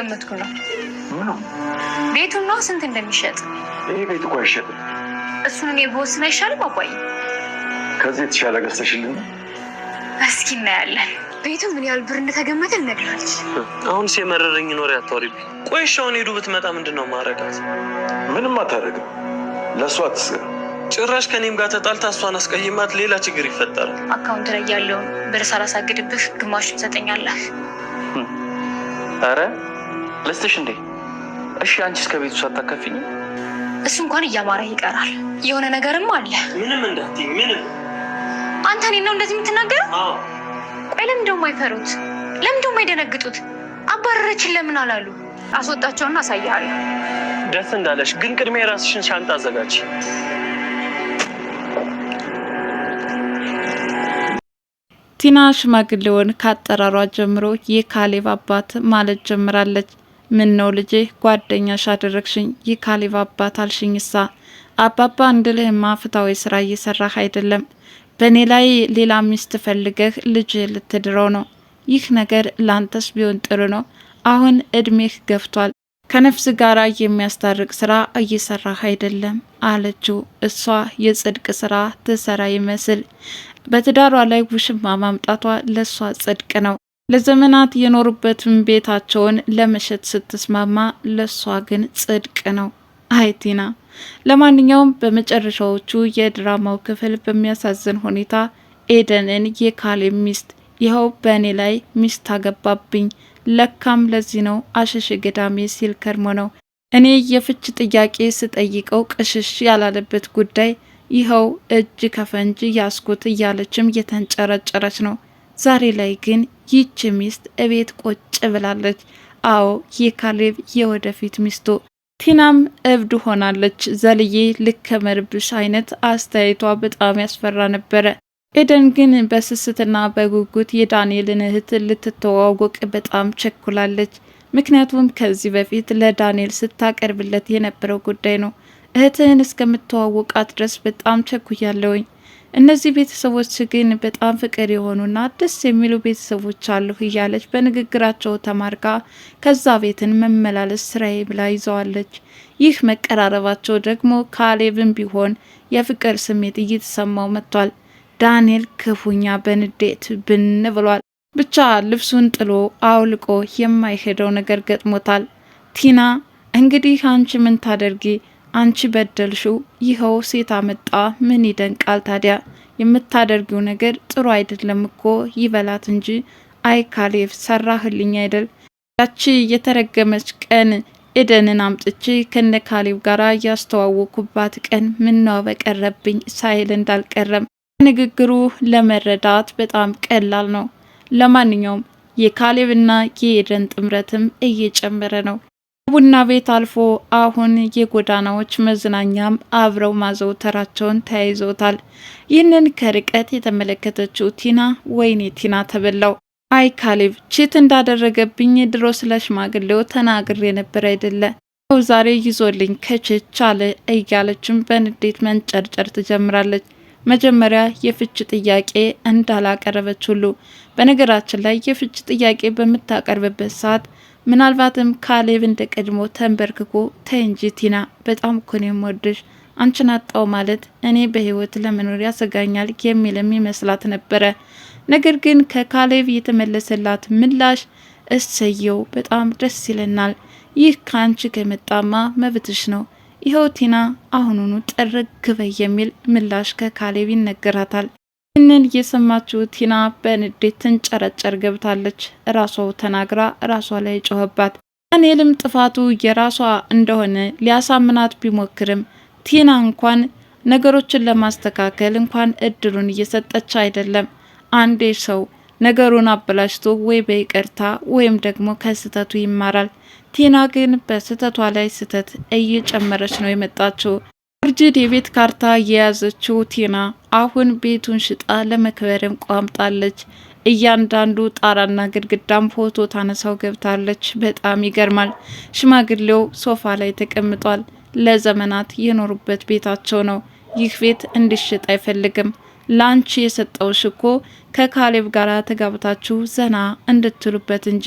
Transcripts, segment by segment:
እየገመትኩ ነው። ነው ስንት እንደሚሸጥ ይህ ቤት እኮ አይሸጥም። እሱን እኔ በወስን አይሻልም? አባዬ ከዚህ የተሻለ ገዝተሽልን እስኪ እናያለን። ቤቱ ምን ያህል ብር እንደተገመተ ልነግራለች። አሁን የመረረኝ ኖር ያታወሪብ ቆይ እሺ፣ አሁን ሄዱ ብትመጣ ምንድን ነው ማረጋት? ምንም አታደርግም። ለእሷ አትስገር። ጭራሽ ከኔም ጋር ተጣልታ እሷን አስቀይማት ሌላ ችግር ይፈጠራል። አካውንት ላይ ያለውን ብር ሳላሳግድብህ ግማሹን ትሰጠኛለህ። አረ ልስትሽ እንዴ? እሺ አንቺ እስከ ቤቱ ሳታከፊኝ እሱ እንኳን እያማረ ይቀራል። የሆነ ነገርም አለ። ምንም እንዳትዪ ምንም። አንተ እኔን ነው እንደዚህ የምትናገር? ቆይ ለምን ደሞ አይፈሩት? ለምን ደሞ አይደነግጡት? አባረረችን ለምን አላሉ? አስወጣቸውና አሳያለሁ። ደስ እንዳለሽ ግን ቅድሚያ የራስሽን ሻንጣ አዘጋጅ። ቲና ሽማግሌውን ካጠራሯ ጀምሮ የካሌብ አባት ማለት ጀምራለች። ምን ነው ልጄ ጓደኛሽ አደረግሽኝ፣ ይህ ካሌብ አባት አልሽኝሳ? አባባ እንድልህማ ፍታዊ ስራ እየሰራህ አይደለም። በእኔ ላይ ሌላ ሚስት ፈልገህ ልጅ ልትድረው ነው። ይህ ነገር ላንተስ ቢሆን ጥሩ ነው። አሁን እድሜህ ገፍቷል። ከነፍስ ጋር የሚያስታርቅ ስራ እየሰራህ አይደለም አለችው። እሷ የጽድቅ ስራ ትሰራ ይመስል በትዳሯ ላይ ውሽማ ማምጣቷ ለእሷ ጽድቅ ነው። ለዘመናት የኖሩበትን ቤታቸውን ለመሸጥ ስትስማማ ለእሷ ግን ጽድቅ ነው። አይ ቲና። ለማንኛውም በመጨረሻዎቹ የድራማው ክፍል በሚያሳዝን ሁኔታ ኤደንን የካሌብ ሚስት ይኸው በእኔ ላይ ሚስት አገባብኝ፣ ለካም ለዚህ ነው አሸሽ ገዳሜ ሲል ከርሞ ነው። እኔ የፍች ጥያቄ ስጠይቀው ቅሽሽ ያላለበት ጉዳይ ይኸው እጅ ከፈንጅ ያስኩት እያለችም የተንጨረጨረች ነው። ዛሬ ላይ ግን ይቺ ሚስት እቤት ቆጭ ብላለች። አዎ የካሌብ የወደፊት ሚስቱ ቲናም እብድ ሆናለች። ዘልዬ ልከመርብሽ አይነት አስተያየቷ በጣም ያስፈራ ነበረ። ኤደን ግን በስስትና በጉጉት የዳንኤልን እህት ልትተዋወቅ በጣም ቸኩላለች። ምክንያቱም ከዚህ በፊት ለዳንኤል ስታቀርብለት የነበረው ጉዳይ ነው። እህትህን እስከምትዋወቃት ድረስ በጣም ቸኩያለውኝ። እነዚህ ቤተሰቦች ግን በጣም ፍቅር የሆኑና ደስ የሚሉ ቤተሰቦች አሉ እያለች በንግግራቸው ተማርካ ከዛ ቤትን መመላለስ ስራዬ ብላ ይዘዋለች። ይህ መቀራረባቸው ደግሞ ካሌብን ቢሆን የፍቅር ስሜት እየተሰማው መጥቷል። ዳንኤል ክፉኛ በንዴት ብን ብሏል። ብቻ ልብሱን ጥሎ አውልቆ የማይሄደው ነገር ገጥሞታል። ቲና እንግዲህ አንቺ ምን ታደርጊ አንቺ በደልሽው፣ ይኸው ሴት አመጣ። ምን ይደንቃል ታዲያ? የምታደርጊው ነገር ጥሩ አይደለም እኮ ይበላት እንጂ። አይ ካሌብ ሰራህልኝ አይደል? ያቺ የተረገመች ቀን ኤደንን አምጥቼ ከነ ካሌብ ጋር ያስተዋወኩባት ቀን ምነው በቀረብኝ ሳይል እንዳልቀረም ንግግሩ ለመረዳት በጣም ቀላል ነው። ለማንኛውም የካሌብና የኤደን ጥምረትም እየጨመረ ነው። ቡና ቤት አልፎ አሁን የጎዳናዎች መዝናኛም አብረው ማዘውተራቸውን ተያይዘውታል። ይህንን ከርቀት የተመለከተችው ቲና ወይኔ ቲና ተበላው፣ አይ ካሌብ ቺት እንዳደረገብኝ ድሮ ስለ ሽማግሌው ተናግር የነበር አይደለ ው ዛሬ ይዞልኝ ከችች አለ እያለችም በንዴት መንጨርጨር ትጀምራለች። መጀመሪያ የፍች ጥያቄ እንዳላቀረበች ሁሉ በነገራችን ላይ የፍች ጥያቄ በምታቀርብበት ሰዓት ምናልባትም ካሌብ እንደ ቀድሞ ተንበርክኮ ተይ እንጂ ቲና፣ በጣም እኮ ነው የምወድሽ፣ አንቺን አጣው ማለት እኔ በህይወት ለመኖር ያሰጋኛል የሚልም ይመስላት ነበረ። ነገር ግን ከካሌብ የተመለሰላት ምላሽ እሰየው፣ በጣም ደስ ይለናል። ይህ ከአንቺ ከመጣማ መብትሽ ነው። ይኸው ቲና አሁኑኑ ጠረግ የሚል ምላሽ ከካሌብ ይነገራታል። ይህንን እየሰማችሁ ቲና በንዴት ትንጨረጨር ገብታለች። ራሷ ተናግራ ራሷ ላይ ጮኸባት። ዳንኤልም ጥፋቱ የራሷ እንደሆነ ሊያሳምናት ቢሞክርም ቲና እንኳን ነገሮችን ለማስተካከል እንኳን እድሉን እየሰጠች አይደለም። አንዴ ሰው ነገሩን አበላሽቶ ወይ በይቅርታ ወይም ደግሞ ከስህተቱ ይማራል። ቲና ግን በስህተቷ ላይ ስህተት እየጨመረች ነው የመጣችው። ፎርጅድ የቤት ካርታ የያዘችው ቲና አሁን ቤቱን ሽጣ ለመክበርም ቋምጣለች። እያንዳንዱ ጣራና ግድግዳም ፎቶ ታነሳው ገብታለች። በጣም ይገርማል። ሽማግሌው ሶፋ ላይ ተቀምጧል። ለዘመናት የኖሩበት ቤታቸው ነው። ይህ ቤት እንዲሽጥ አይፈልግም። ላንቺ የሰጠውሽ እኮ ከካሌብ ጋር ተጋብታችሁ ዘና እንድትሉበት እንጂ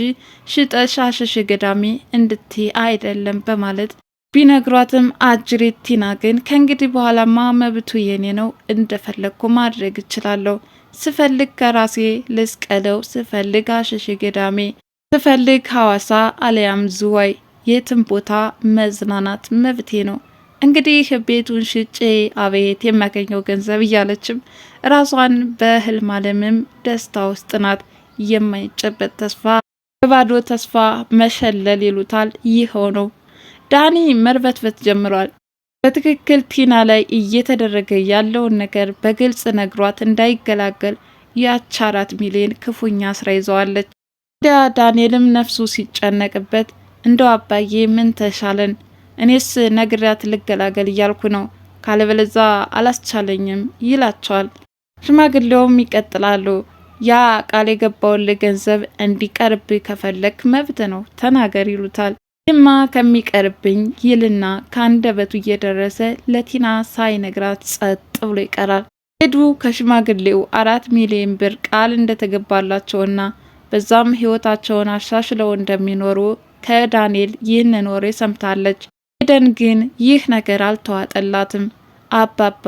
ሽጠሽ አሸሽ ገዳሜ እንድትይ አይደለም በማለት ቢነግሯትም አጅሬት ቲና ግን ከእንግዲህ በኋላማ መብቱ የኔ ነው፣ እንደፈለግኩ ማድረግ እችላለሁ። ስፈልግ ከራሴ ልስቀለው፣ ስፈልግ አሸሽ ገዳሜ፣ ስፈልግ ሐዋሳ አለያም ዝዋይ፣ የትም ቦታ መዝናናት መብቴ ነው። እንግዲህ ቤቱን ሽጬ አቤት የሚያገኘው ገንዘብ እያለችም ራሷን በህልም ዓለምም ደስታ ውስጥ ናት። የማይጨበጥ ተስፋ በባዶ ተስፋ መሸለል ይሉታል። ይኸው ነው ዳኒ መርበትበት ጀምሯል። በትክክል ቲና ላይ እየተደረገ ያለውን ነገር በግልጽ ነግሯት እንዳይገላገል ያች አራት ሚሊዮን ክፉኛ ስራ ይዘዋለች። ወዲያ ዳንኤልም ነፍሱ ሲጨነቅበት እንደው አባዬ ምን ተሻለን? እኔስ ነግሪያት ልገላገል እያልኩ ነው፣ ካለበለዛ አላስቻለኝም ይላቸዋል። ሽማግሌውም ይቀጥላሉ። ያ ቃል የገባውን ገንዘብ እንዲቀርብ ከፈለክ መብት ነው ተናገር ይሉታል። ድማ ከሚቀርብኝ ይልና ከአንደበቱ እየደረሰ ለቲና ሳይነግራት ጸጥ ብሎ ይቀራል። ሄዱ ከሽማግሌው አራት ሚሊዮን ብር ቃል እንደተገባላቸውና በዛም ህይወታቸውን አሻሽለው እንደሚኖሩ ከዳንኤል ይህንን ወሬ ሰምታለች። ኤደን ግን ይህ ነገር አልተዋጠላትም። አባባ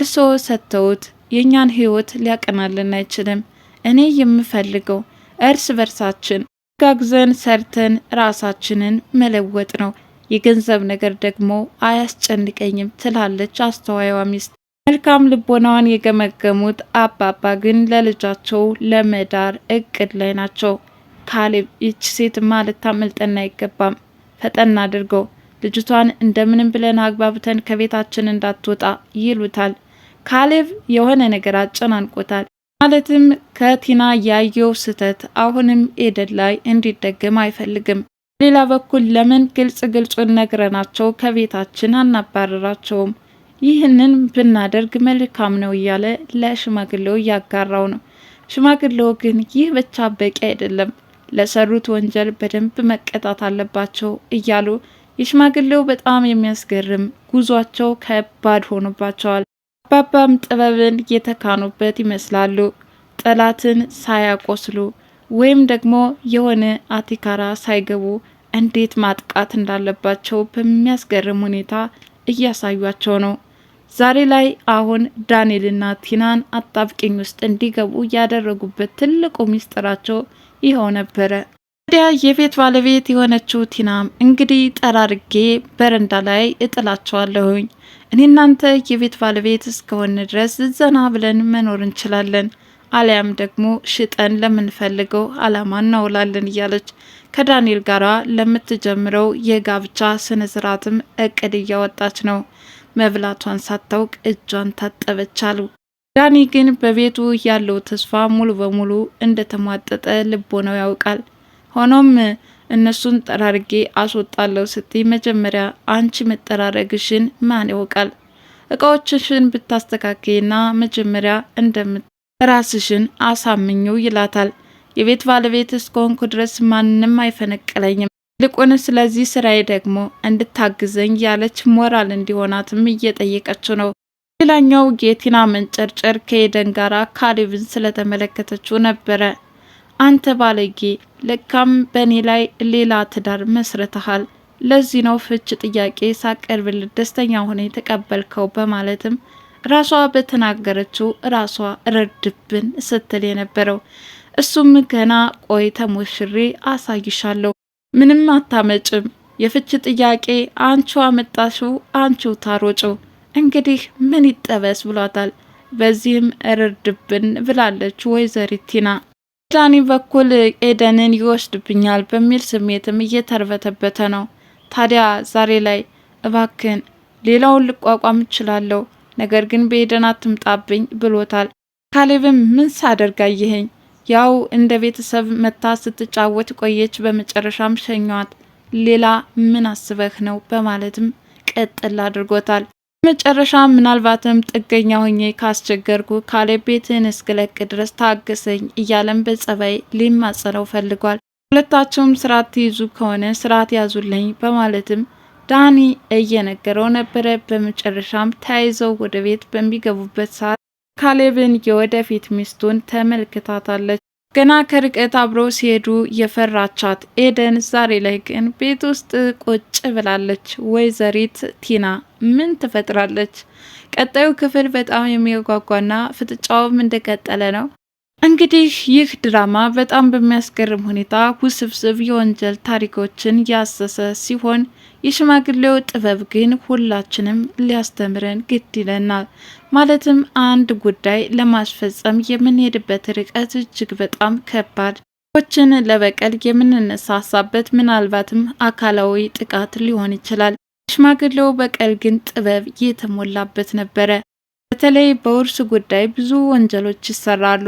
እርስዎ ሰጥተውት የእኛን ህይወት ሊያቀናልን አይችልም። እኔ የምፈልገው እርስ በርሳችን ጋግዘን ሰርተን ራሳችንን መለወጥ ነው። የገንዘብ ነገር ደግሞ አያስጨንቀኝም ትላለች አስተዋይዋ ሚስት። መልካም ልቦናዋን የገመገሙት አባባ ግን ለልጃቸው ለመዳር እቅድ ላይ ናቸው። ካሌብ ይቺ ሴትማ ልታመልጠን አይገባም፣ ፈጠን አድርገው ልጅቷን እንደምንም ብለን አግባብተን ከቤታችን እንዳትወጣ ይሉታል። ካሌብ የሆነ ነገር አጨናንቆታል። ማለትም ከቲና ያየው ስህተት አሁንም ኤደን ላይ እንዲደገም አይፈልግም። በሌላ በኩል ለምን ግልጽ ግልጹን ነግረናቸው ከቤታችን አናባረራቸውም? ይህንን ብናደርግ መልካም ነው እያለ ለሽማግሌው እያጋራው ነው። ሽማግሌው ግን ይህ ብቻ በቂ አይደለም፣ ለሰሩት ወንጀል በደንብ መቀጣት አለባቸው እያሉ የሽማግሌው በጣም የሚያስገርም ጉዟቸው ከባድ ሆኖባቸዋል። አባባም ጥበብን የተካኑበት ይመስላሉ። ጠላትን ሳያቆስሉ ወይም ደግሞ የሆነ አቲካራ ሳይገቡ እንዴት ማጥቃት እንዳለባቸው በሚያስገርም ሁኔታ እያሳዩቸው ነው። ዛሬ ላይ አሁን ዳንኤልና ቲናን አጣብቂኝ ውስጥ እንዲገቡ ያደረጉበት ትልቁ ሚስጥራቸው ይኸው ነበረ። ታዲያ የቤት ባለቤት የሆነችው ቲናም እንግዲህ ጠራርጌ በረንዳ ላይ እጥላቸዋለሁኝ። እኔ እናንተ የቤት ባለቤት እስከሆነ ድረስ ዘና ብለን መኖር እንችላለን፣ አሊያም ደግሞ ሽጠን ለምንፈልገው አላማ እናውላለን እያለች ከዳንኤል ጋር ለምትጀምረው የጋብቻ ስነ ስርዓትም እቅድ እያወጣች ነው። መብላቷን ሳታውቅ እጇን ታጠበች አሉ። ዳኒ ግን በቤቱ ያለው ተስፋ ሙሉ በሙሉ እንደተሟጠጠ ልቦ ነው ያውቃል። ሆኖም እነሱን ጠራርጌ አስወጣለሁ ስትይ መጀመሪያ አንቺ መጠራረግሽን ማን ያውቃል? እቃዎችሽን ብታስተካክይና መጀመሪያ እንደምት ራስሽን አሳምኘው ይላታል። የቤት ባለቤት እስከሆንኩ ድረስ ማንም አይፈነቅለኝም ልቁን ስለዚህ ስራዬ ደግሞ እንድታግዘኝ ያለች ሞራል እንዲሆናትም እየጠየቀችው ነው። ሌላኛው የቲና መንጨርጨር ከኤደን ጋራ ካሌብን ስለተመለከተችው ነበረ። አንተ ባለጌ፣ ለካም በእኔ ላይ ሌላ ትዳር መስርተሃል። ለዚህ ነው ፍች ጥያቄ ሳቀርብልህ ደስተኛ ሆነ የተቀበልከው በማለትም ራሷ በተናገረችው ራሷ ረድብን ስትል የነበረው እሱም ገና ቆይ ተሞሽሬ አሳይሻለሁ፣ ምንም አታመጭም። የፍች ጥያቄ አንቺ አመጣሹ፣ አንቺው ታሮጩ፣ እንግዲህ ምን ይጠበስ ብሏታል። በዚህም ረድብን ብላለች ወይዘሪት ቲና። ዳኒ በኩል ኤደንን ይወስድብኛል በሚል ስሜትም እየተርበተበተ ነው። ታዲያ ዛሬ ላይ እባክን ሌላውን ልቋቋም እችላለሁ፣ ነገር ግን በኤደን አትምጣብኝ ብሎታል። ካሌብም ምን ሳደርጋ ይህኝ ያው እንደ ቤተሰብ መታ ስትጫወት ቆየች። በመጨረሻም ሸኟት። ሌላ ምን አስበህ ነው በማለትም ቀጥል አድርጎታል። መጨረሻ ምናልባትም ጥገኛ ሆኜ ካስቸገርኩ ካሌብ ቤትህን እስክለቅ ድረስ ታግሰኝ እያለም በጸባይ ሊማጸነው ፈልጓል። ሁለታቸውም ስርዓት ትይዙ ከሆነ ስርዓት ያዙልኝ በማለትም ዳኒ እየነገረው ነበረ። በመጨረሻም ተያይዘው ወደ ቤት በሚገቡበት ሰዓት ካሌብን የወደፊት ሚስቱን ተመልክታታለች። ገና ከርቀት አብረው ሲሄዱ የፈራቻት ኤደን ዛሬ ላይ ግን ቤት ውስጥ ቁጭ ብላለች። ወይዘሪት ቲና ምን ትፈጥራለች? ቀጣዩ ክፍል በጣም የሚያጓጓና ፍጥጫውም እንደቀጠለ ነው። እንግዲህ ይህ ድራማ በጣም በሚያስገርም ሁኔታ ውስብስብ የወንጀል ታሪኮችን ያሰሰ ሲሆን የሽማግሌው ጥበብ ግን ሁላችንም ሊያስተምረን ግድ ይለናል። ማለትም አንድ ጉዳይ ለማስፈጸም የምንሄድበት ርቀት እጅግ በጣም ከባድ ችን ለበቀል የምንነሳሳበት ምናልባትም አካላዊ ጥቃት ሊሆን ይችላል። ሽማግሌው በቀል ግን ጥበብ የተሞላበት ነበረ። በተለይ በውርስ ጉዳይ ብዙ ወንጀሎች ይሰራሉ።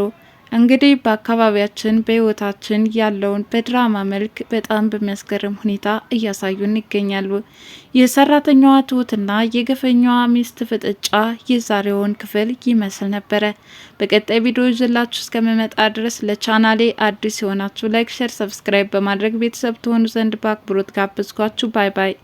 እንግዲህ በአካባቢያችን በህይወታችን ያለውን በድራማ መልክ በጣም በሚያስገርም ሁኔታ እያሳዩን ይገኛሉ። የሰራተኛዋ ትሁትና የግፈኛዋ ሚስት ፍጥጫ የዛሬውን ክፍል ይመስል ነበረ። በቀጣይ ቪዲዮ ይዘላችሁ እስከምመጣ ድረስ ለቻናሌ አዲስ የሆናችሁ ላይክ፣ ሸር፣ ሰብስክራይብ በማድረግ ቤተሰብ ትሆኑ ዘንድ በአክብሮት ጋብዝኳችሁ። ባይ ባይ።